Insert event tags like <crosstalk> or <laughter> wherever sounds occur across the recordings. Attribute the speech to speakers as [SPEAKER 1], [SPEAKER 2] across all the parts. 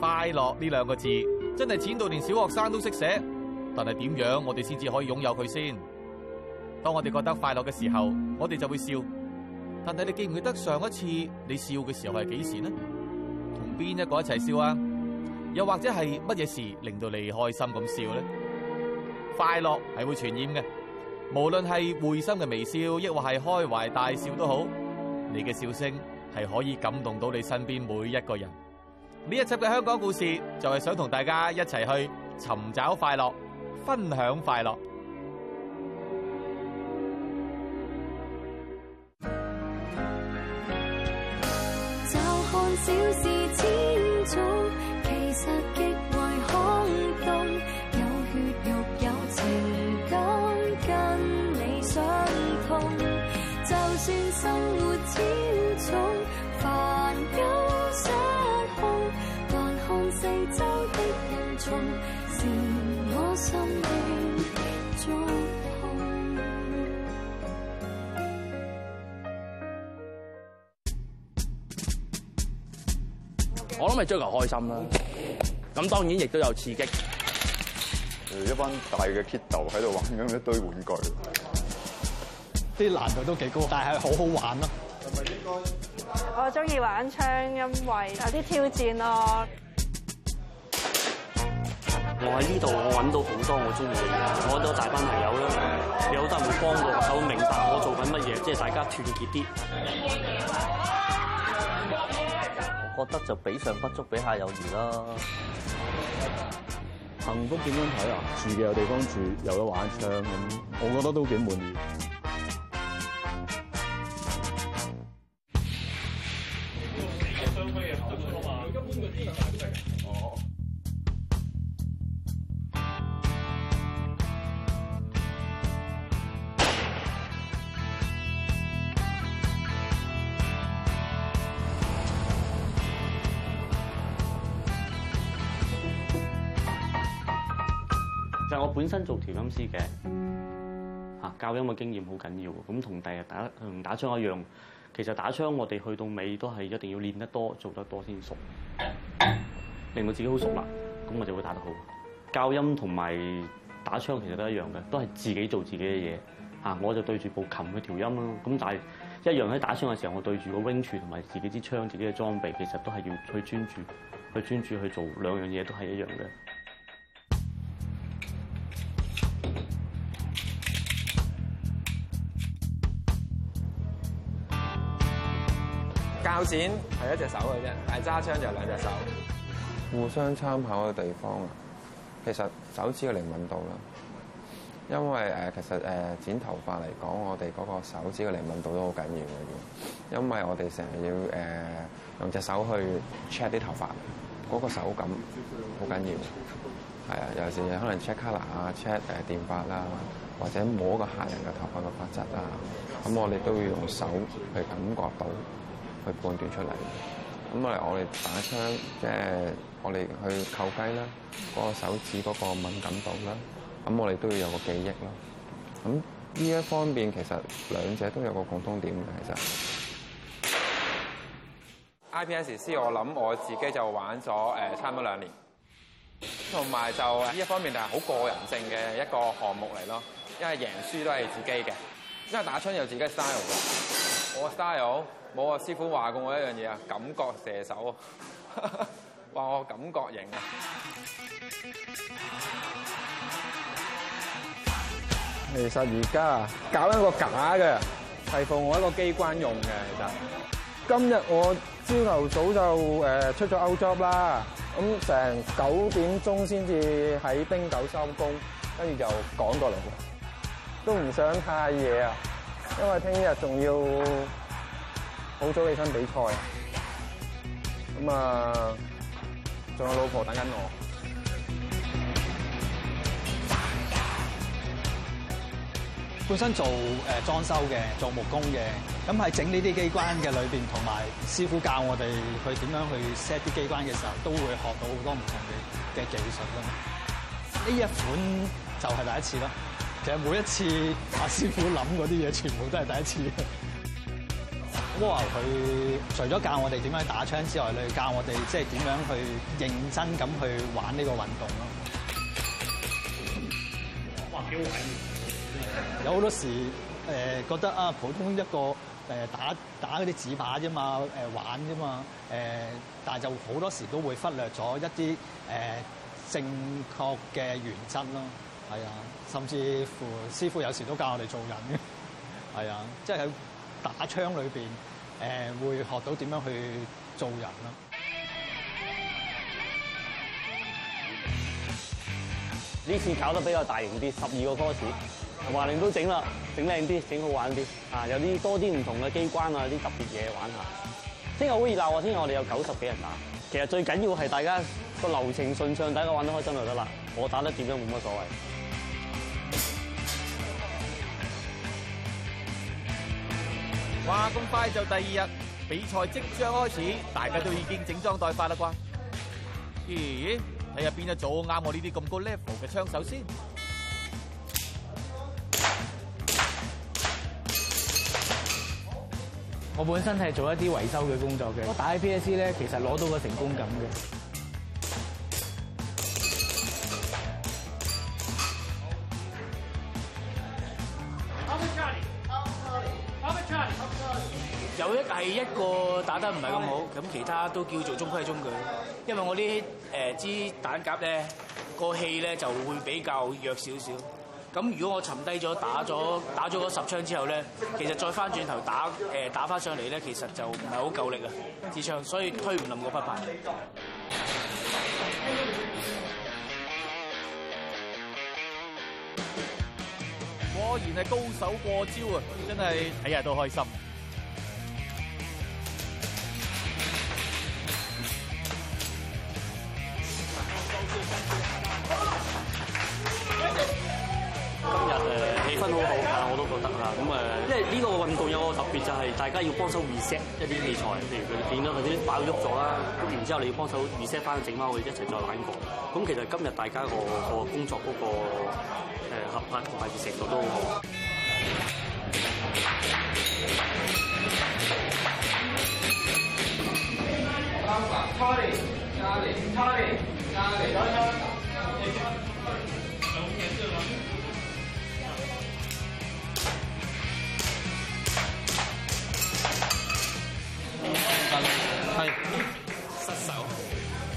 [SPEAKER 1] 快樂呢兩個字真係淺到連小學生都識寫，但係點樣我哋先至可以擁有佢先？當我哋覺得快樂嘅時候，我哋就會笑。但係你記唔記得上一次你笑嘅時候係幾時呢？同邊一個一齊笑啊？又或者係乜嘢事令到你開心咁笑咧？快樂係會傳染嘅，無論係會心嘅微笑，抑或係開懷大笑都好，你嘅笑聲係可以感動到你身邊每一個人。呢一集嘅香港故事就係想同大家一齊去尋找快樂，分享快樂。
[SPEAKER 2] <noise> 樂我中
[SPEAKER 3] 我諗係追求開心啦，咁當然亦都有刺激。
[SPEAKER 4] 誒，一班大嘅 kid 豆喺度玩咁一堆玩具，啲難度都幾高，但係好好玩
[SPEAKER 5] 咯。係咪應該？我中意玩槍，因為有啲挑戰咯。我喺呢度，我揾到好多我中意嘅嘢，我揾到大班朋友啦，有得唔幫我手，有明白我做緊乜嘢，即係大家團結啲。我覺得就比上不足，比下
[SPEAKER 6] 有餘啦。幸福點樣睇啊？住嘅有地方住，
[SPEAKER 4] 有得玩槍咁，我覺得都幾滿意。哦
[SPEAKER 5] 本身做調音師嘅，教音嘅經驗好緊要喎。咁同第二日打嗯打槍一樣，其實打槍我哋去到尾都係一定要練得多，做得多先熟，令到自己好熟啦。咁我就會打得好。教音同埋打槍其實都一樣嘅，都係自己做自己嘅嘢。我就對住部琴去調音咯。咁但係一樣喺打槍嘅時候，我對住個 wind tube 同埋自己支槍、自己嘅裝備，其實都係要去專注、去專注去做兩樣嘢，都係一樣嘅。
[SPEAKER 4] 有錢係一隻
[SPEAKER 3] 手嘅啫，但揸槍就兩隻手。互相參考嘅地方啊，其實手指嘅靈敏度啦，因為誒、呃、其實誒、呃、剪頭髮嚟講，我哋嗰個手指嘅靈敏度都好緊要嘅。因為我哋成日要誒、呃、用隻手去 check 啲頭髮嗰、那個手感好緊要，係啊，有時可能 check color 啊，check 誒電髮啦，或者摸個客人嘅頭髮嘅髮質啊，咁我哋都要用手去感覺到。判斷出嚟，咁我哋打槍，即係我哋去扣雞啦，嗰個手指嗰個敏感度啦，咁我哋都要有個記憶咯。咁呢一方面其實兩者都有個共通點嘅，其實。
[SPEAKER 4] IPSC 我諗我自己就玩咗誒差唔多兩年，同埋就呢一方面就係好個人性嘅一個項目嚟咯，因為贏輸都係自己嘅，因為打槍有自己 style 嘅，我 style。冇啊，師傅話過我一樣嘢啊，感覺射手啊，話我感覺型啊 <laughs> 好早起身比賽啊，咁啊，仲有老婆等緊我。本身做誒裝修嘅，做木工嘅，咁喺整呢啲機關嘅裏邊，同埋師傅教我哋去點樣去 set 啲機關嘅時候，都會學到好多唔同嘅嘅技術咯。呢一款就係第一次啦。其實每一次阿師傅諗嗰啲嘢，全部都係第一次嘅。佢除咗教我哋點樣打槍之外，佢教我哋即係點樣去認真咁去玩呢個運動咯。
[SPEAKER 5] 哇，幾好睇、
[SPEAKER 4] 呃、有好多時誒、呃、覺得啊，普通一個誒、呃、打打嗰啲紙靶啫嘛，誒、呃、玩啫嘛，誒、呃、但係就好多時都會忽略咗一啲誒、呃、正確嘅原則咯。係、呃、啊，甚至乎師傅有時都教我哋做人嘅。係、呃、啊，即係喺。打槍裏邊，誒會學到點樣去做人啦。呢次搞得比較大型啲，十二
[SPEAKER 5] 個 course，華寧都整啦，整靚啲，整好玩啲。啊，有啲多啲唔同嘅機關啊，啲特別嘢玩下。聽日好熱鬧啊，聽日我哋有九十幾人打。其實最緊要係大家個流程順暢，大家玩得開心就得啦。我打得點都冇乜所謂。
[SPEAKER 1] 話咁快就第二日比賽即將開始，大家都已經整裝待發啦！啩，咦？睇下邊一組啱我呢啲咁高 level 嘅槍手先。
[SPEAKER 3] 我本身係做一啲維修嘅工作嘅，打 APS 咧，其實攞到個成功感嘅。打得唔係咁好，咁其他都叫做中規中矩。因為我呢誒支彈夾咧，個氣咧就會比較弱少少。咁如果我沉低咗打咗打咗十槍之後咧，其實再翻轉頭打誒打翻上嚟咧，其實就唔係好夠力啊，支槍，所以推唔冧個牌。
[SPEAKER 1] 果然係高手過招啊！真係睇下都開心。
[SPEAKER 5] 特別就係大家要幫手 reset 一啲器材，譬如佢啲電啦、啲爆喐咗啦，咁然之後你要幫手 reset 翻整翻佢，我哋一齊再玩過。咁其實今日大家個個工作嗰個誒合拍同埋完成度都好
[SPEAKER 2] 好。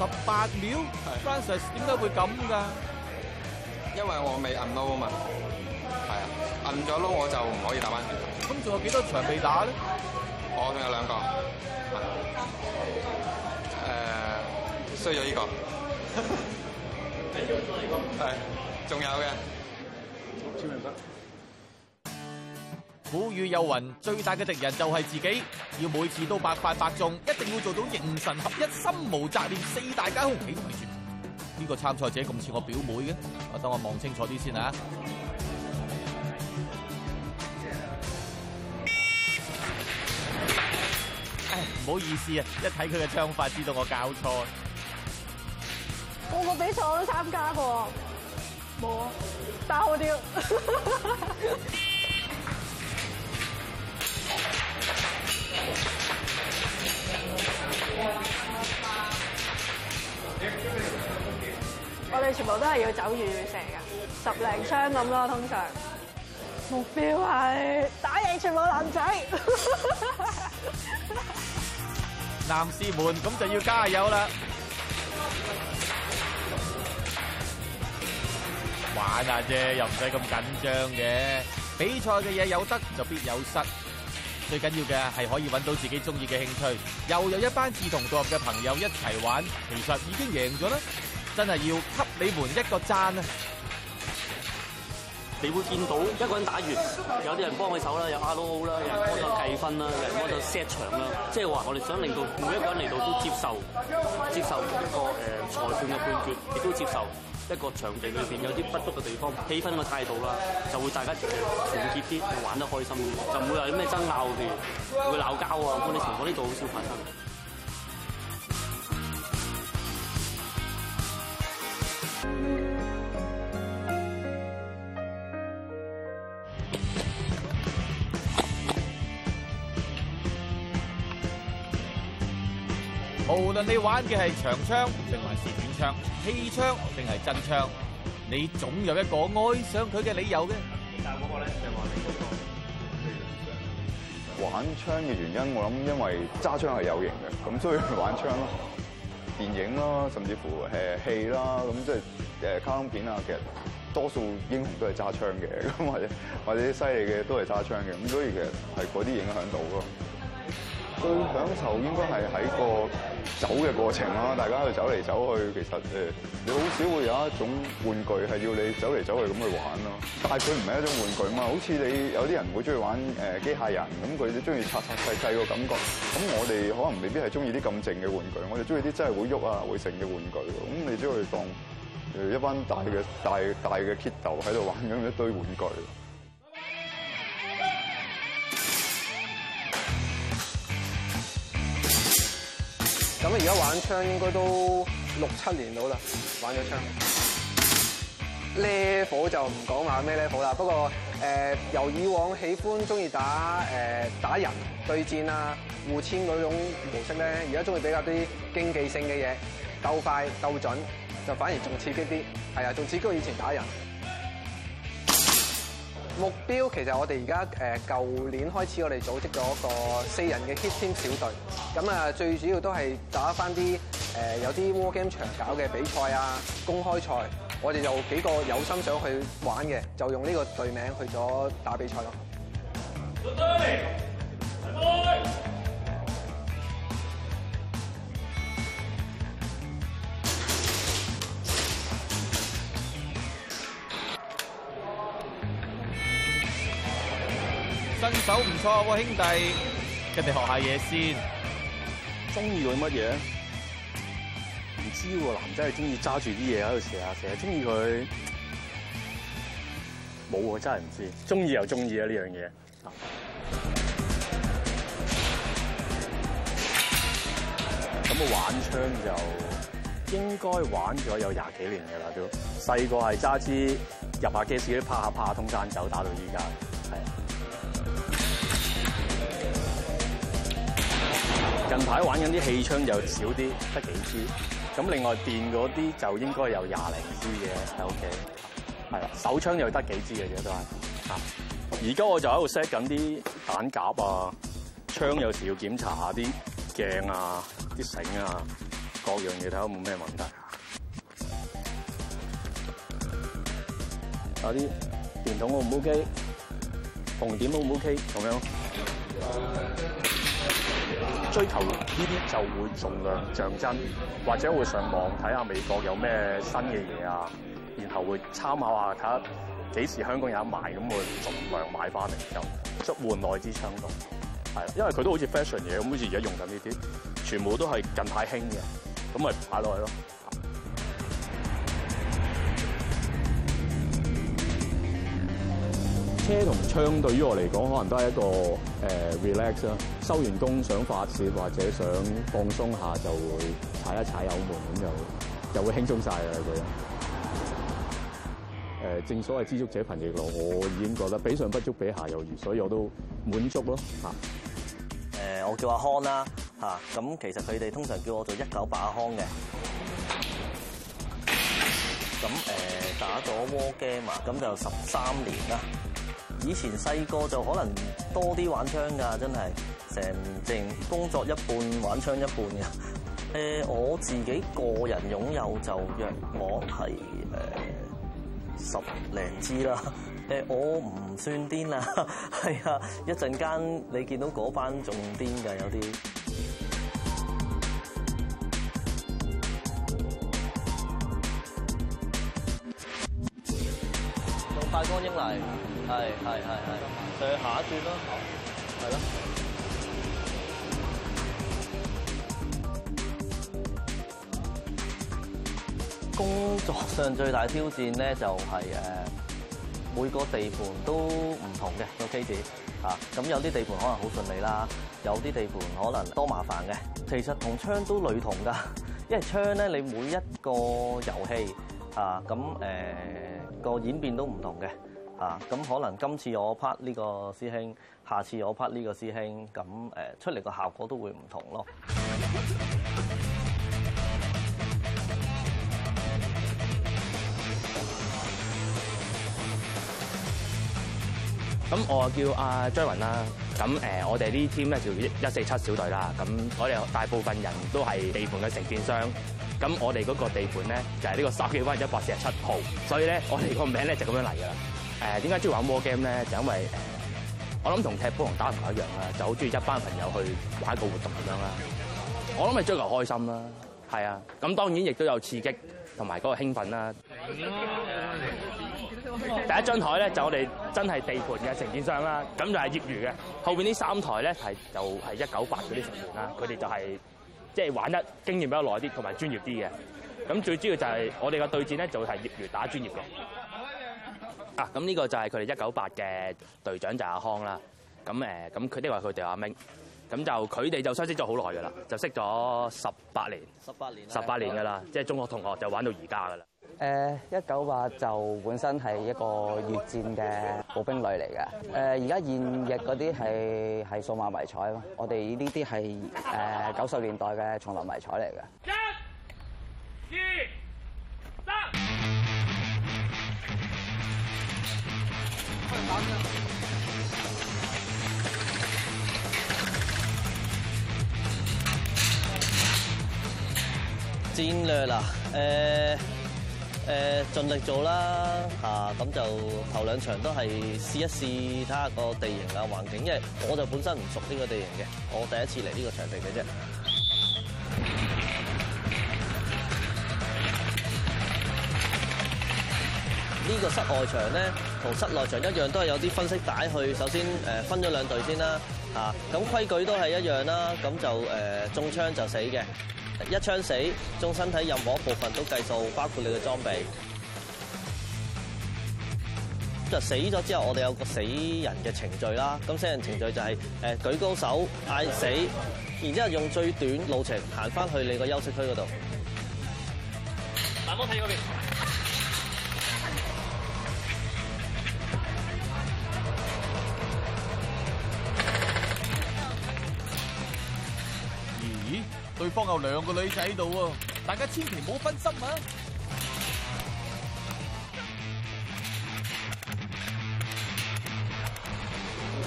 [SPEAKER 1] 十八秒，Francis 點解會咁㗎？因為我未摁撈啊嘛，係啊，摁咗撈我就唔可以打翻。咁仲有幾多場未打咧？
[SPEAKER 4] 我仲有兩個，誒，衰咗
[SPEAKER 1] 呢個，係仲有嘅，六千零分。古語有云，最大嘅敵人就係自己，要每次都百發百中，一定要做到形神合一、心無雜念、四大皆空，幾難呢？呢、呢個參賽者咁似我表妹嘅，我等我望清楚啲先啊！唉，唔好意思啊，一睇佢嘅槍法，知道我搞錯。個個
[SPEAKER 6] 比賽都參加過，冇打好啲。 <laughs> 我哋全
[SPEAKER 1] 部都係要走雨蛇嘅，十零
[SPEAKER 6] 槍咁咯，通常目標係打贏全部男仔。
[SPEAKER 1] 男士們，咁就要加油啦！玩下啫，又唔使咁緊張嘅。比賽嘅嘢有得就必有失，最緊要嘅係可以搵到自己中意嘅興趣，又有一班志同道合嘅朋友一齊玩，其實已經贏咗啦。真係要給你們一個贊
[SPEAKER 5] 咧！你會見到一個人打完，有啲人幫佢手啦，有阿 l o 啦，有人幫咗計分啦，有人幫咗 set 場啦。即係話我哋想令到每一個人嚟到都接受，接受一個、呃、裁判嘅判決，亦都接受一個場地裏面有啲不足嘅地方，氣氛嘅態度啦，就會大家團團結啲，玩得開心就唔會有啲咩爭拗嘅，會鬧交啊！我哋情來呢度好少發生。
[SPEAKER 1] 你玩嘅係長槍，定還是短槍？氣槍定係真槍？你總有一個愛上佢嘅理由嘅。但嗰個咧，就話你嗰個，玩槍嘅
[SPEAKER 4] 原因，我諗因為揸槍係有型嘅，咁所以玩槍咯。電影咯，甚至乎誒戲啦，咁即係誒卡通片啊，其實多數英雄都係揸槍嘅，咁或者或者啲犀利嘅都係揸槍嘅，咁所以其實係嗰啲影響到咯。最享受應該係喺個走嘅過程啦，大家去走嚟走去，其實、呃、你好少會有一種玩具係要你走嚟走去咁去玩咯。但係佢唔係一種玩具嘛，好似你有啲人會中意玩、呃、機械人，咁佢哋中意拆拆砌砌個感覺。咁我哋可能未必係中意啲咁靜嘅玩具，我哋中意啲真係會喐啊會成嘅玩具。咁你即係當誒一班大嘅大大嘅 kit 頭喺度玩緊一堆玩具。
[SPEAKER 7] 咁而家玩槍應該都六七年到啦，玩咗槍。呢火就唔講話咩呢火啦，不過誒、呃、由以往喜歡中意打誒打人對戰啊、互簽嗰種模式咧，而家中意比較啲競技性嘅嘢，鬥快鬥準就反而仲刺激啲，係啊，仲刺激過以前打人。目標，其實我哋而家誒，舊年開始，我哋組織咗一個四人嘅 hit team 小隊，咁啊最主要都係打翻啲誒有啲 war game 場搞嘅比賽啊，公開賽，我哋就有幾個有心想去玩嘅，就用呢個隊名去咗打比賽咯。
[SPEAKER 1] 身手唔錯喎。哦，兄弟，佢哋學下嘢先。中意佢乜嘢？唔知
[SPEAKER 4] 喎，男仔係中意揸住啲嘢喺度射下射下，中意佢冇啊，真係唔知。中意又中意啊呢樣嘢。嗱，咁我玩槍就應該玩咗有廿幾年嚟啦，都細個係揸支入下機士，拍下拍下通山走，打到依家，係。近排玩緊啲氣槍又少啲，得幾支？咁另外電嗰啲就應該有廿零支嘅，O K。係、OK、啦，手槍又得幾支嘅啫，都係。啊！而家我就喺度 set 緊啲彈夾啊，槍有時要檢查下啲鏡啊、啲繩啊，各樣嘢睇下冇咩問題啊。啊！啲電筒 o 唔 OK？紅點 o 唔 OK？咁樣。 <noise> 追求呢啲就會儘量象真，或者會上網睇下美國有咩新嘅嘢啊，然後會參考下睇下幾時香港有得賣，咁會儘量買翻嚟又即換內支槍度，係因為佢都好似 fashion 嘢，咁好似而家用緊呢啲，全部都係近排興嘅，咁咪買落去咯。車同槍對於我嚟講，可能都係一個誒、呃、relax 啦。收完工想發泄，或者想放鬆一下，就會踩一踩油門，咁就就會輕鬆曬啦佢。誒、呃，正所謂知足者貧亦樂，我已經覺得比上不足，比下有餘，所以我都滿足咯嚇。
[SPEAKER 6] 誒、啊呃，我叫阿康啦嚇，咁、啊、其實佢哋通常叫我做一九八阿康嘅。咁誒、呃，打咗 war game 啊，咁就十三年啦。以前細個就可能多啲玩槍㗎，真係成成工作一半玩槍一半㗎。誒、呃，我自己個人擁有就約我係誒十零支啦。誒、呃，我唔算癲喇，係 <laughs> 啊，一陣間你見到嗰班仲癲㗎，有啲。大光英嚟，係係係係，就、嗯嗯、下一轉啦，係咯。工作上最大挑戰咧，就係誒每個地盤都唔同嘅、嗯、個 case，嚇咁有啲地盤可能好順利啦，有啲地盤可能多麻煩嘅。其實同槍都類同噶，因為槍咧，你每一個遊戲。啊，咁個、呃、演變都唔同嘅，啊，咁可能今次我拍呢個師兄，下次我拍呢個師兄，咁、呃、出嚟個效果都會唔同咯。
[SPEAKER 3] 咁我叫阿張雲啦，咁誒我哋呢 team 咧叫一四七小隊啦，咁我哋大部分人都係地盤嘅承建商。咁我哋嗰個地盤咧就係、是、呢個十記灣一百四十七號，所以咧我哋個名咧就咁樣嚟噶啦。誒點解中意玩 MO game 咧？就因為誒、呃、我諗同踢波同打唔一樣啦，就好中意一班朋友去玩一個活動咁樣啦。我諗係追求開心啦，係啊。咁當然亦都有刺激同埋嗰個興奮啦。
[SPEAKER 2] 第一張台咧
[SPEAKER 3] 就我哋真係地盤嘅承建商啦，咁就係業餘嘅。後面呢三台咧就係一九八嗰啲成員啦，佢哋就係、是。即係玩得經驗比較耐啲，同埋專業啲嘅。咁最主要就係我哋嘅對戰咧，就會係業餘打專業嘅。
[SPEAKER 2] <laughs>
[SPEAKER 3] 啊，咁呢個就係佢哋一九八嘅隊長就阿康啦。咁誒，咁佢呢位佢哋阿明。咁就佢哋就相識咗好耐噶啦，就識咗十八年，
[SPEAKER 6] 十八年，十八年噶啦，
[SPEAKER 3] 即係中學同學就玩到而家噶啦。誒一九八就本身係一個越戰嘅步兵類嚟嘅。誒而家現役嗰啲係係數碼迷彩嘛，我哋呢啲係誒九十年代嘅叢林迷彩嚟嘅。一、二、
[SPEAKER 2] 三。
[SPEAKER 6] 戰略啦，誒、uh。誒盡力做啦嚇，咁就頭兩場都係試一試睇下個地形啊、環境，因為我就本身唔熟呢個地形嘅，我第一次嚟呢個場地嘅啫。呢、 <noise> 呢個室外場咧，同室內場一樣，都係有啲分析帶去，首先誒分咗兩隊先啦嚇，咁規矩都係一樣啦，咁就誒、啊、中槍就死嘅。一槍死，中身體任何一部分都計數，包括你嘅裝備。就、嗯嗯嗯、死咗之後，我哋有個死人嘅程序啦。咁死人程序就係、是、誒舉高手嗌死，然之後用最短路程行翻去你個休息區嗰度。
[SPEAKER 5] 藍摩睇嗰邊。
[SPEAKER 1] 方有兩個女仔喺度喎，大家千祈唔好分心啊！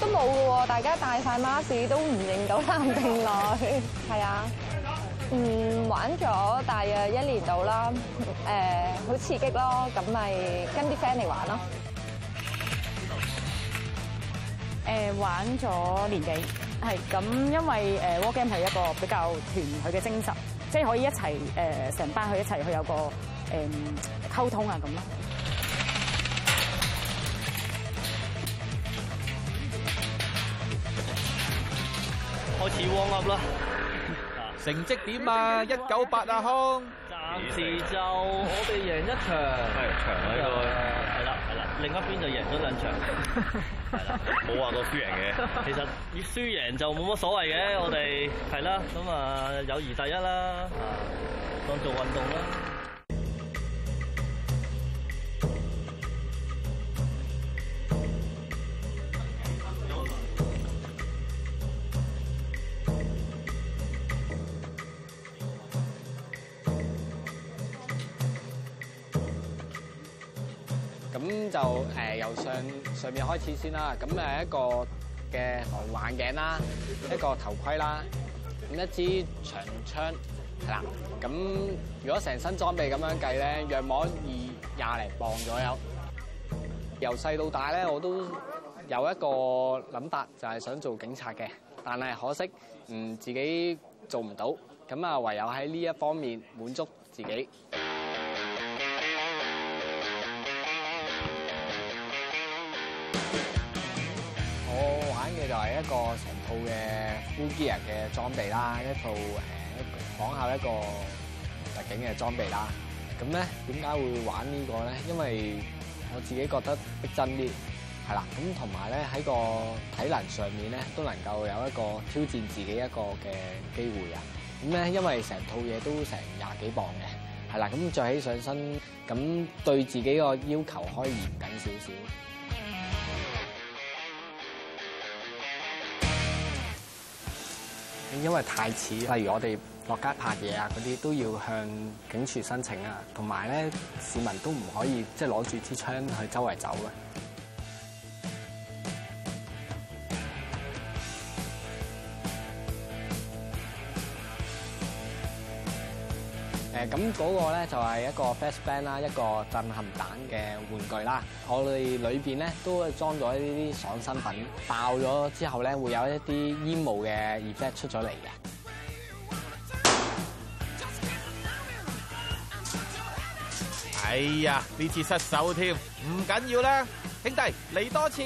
[SPEAKER 5] 都冇噶喎，大家戴塊 mask 都唔認到男定女，係啊。嗯，玩咗大約一年度啦，誒，好刺激咯，咁咪跟啲 friend 嚟玩咯。誒，玩咗年幾？係咁，因為誒，war game 係一個比較團佢嘅精神，即係可以一齊誒，成班去一齊去有個誒溝通啊咁咯。
[SPEAKER 1] 開始 warm up 啦！成績點啊？一九八啊康，暫時
[SPEAKER 6] 就我哋贏一場，係場喺度。另一邊就贏咗兩場，係啦，冇話過輸贏嘅。其實要輸贏就冇乜所謂嘅，我哋係啦，咁啊友誼第一啦，當做運動啦。
[SPEAKER 7] 就誒由上上面開始先啦，咁誒一個嘅防眼鏡啦，一個頭盔啦，一支長槍係啦，咁如果成身裝備咁樣計咧，約摸二廿零磅左右。由細到大咧，我都有一個諗法，就係想做警察嘅，但係可惜唔自己做唔到，咁啊唯有喺呢一方面滿足自己。一個成套嘅呼吸人嘅裝備啦，一套誒，講下一個特警嘅裝備啦。咁咧，點解會玩這個呢個咧？因為我自己覺得逼真啲，係啦。咁同埋咧，喺個體能上面咧，都能夠有一個挑戰自己一個嘅機會啊。咁咧，因為成套嘢都成廿幾磅嘅，係啦。咁着起上身，咁對自己個要求可以嚴謹少少。因為太似，例如我哋落街拍嘢啊，嗰啲都要向警署申請啊，同埋咧，市民都唔可以即係攞住支槍去周圍走。咁、那、嗰個咧就係、是、一個 fast band 啦，一個震撼彈嘅玩具啦。我哋裏面咧都裝咗一啲爽身粉，爆咗之後咧會有一啲煙霧嘅 effect 出咗嚟嘅。
[SPEAKER 1] 哎呀！呢次失手添，唔緊要啦，兄弟嚟多次。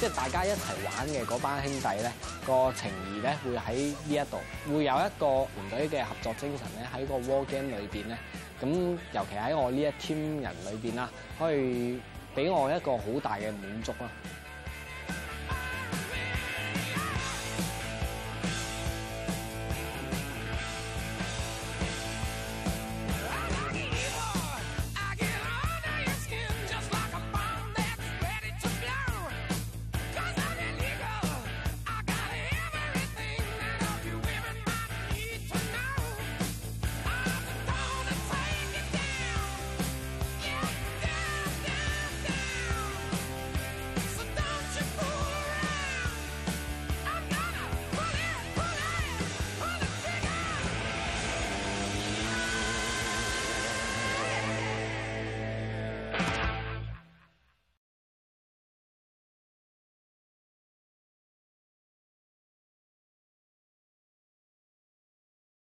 [SPEAKER 7] 即係大家一齊玩嘅嗰班兄弟咧，個情義咧會喺呢一度會有一個團隊嘅合作精神咧，喺個 war game 裏邊咧，咁尤其喺我呢一 team 人裏邊啦，可以俾我一個好大嘅滿足啦。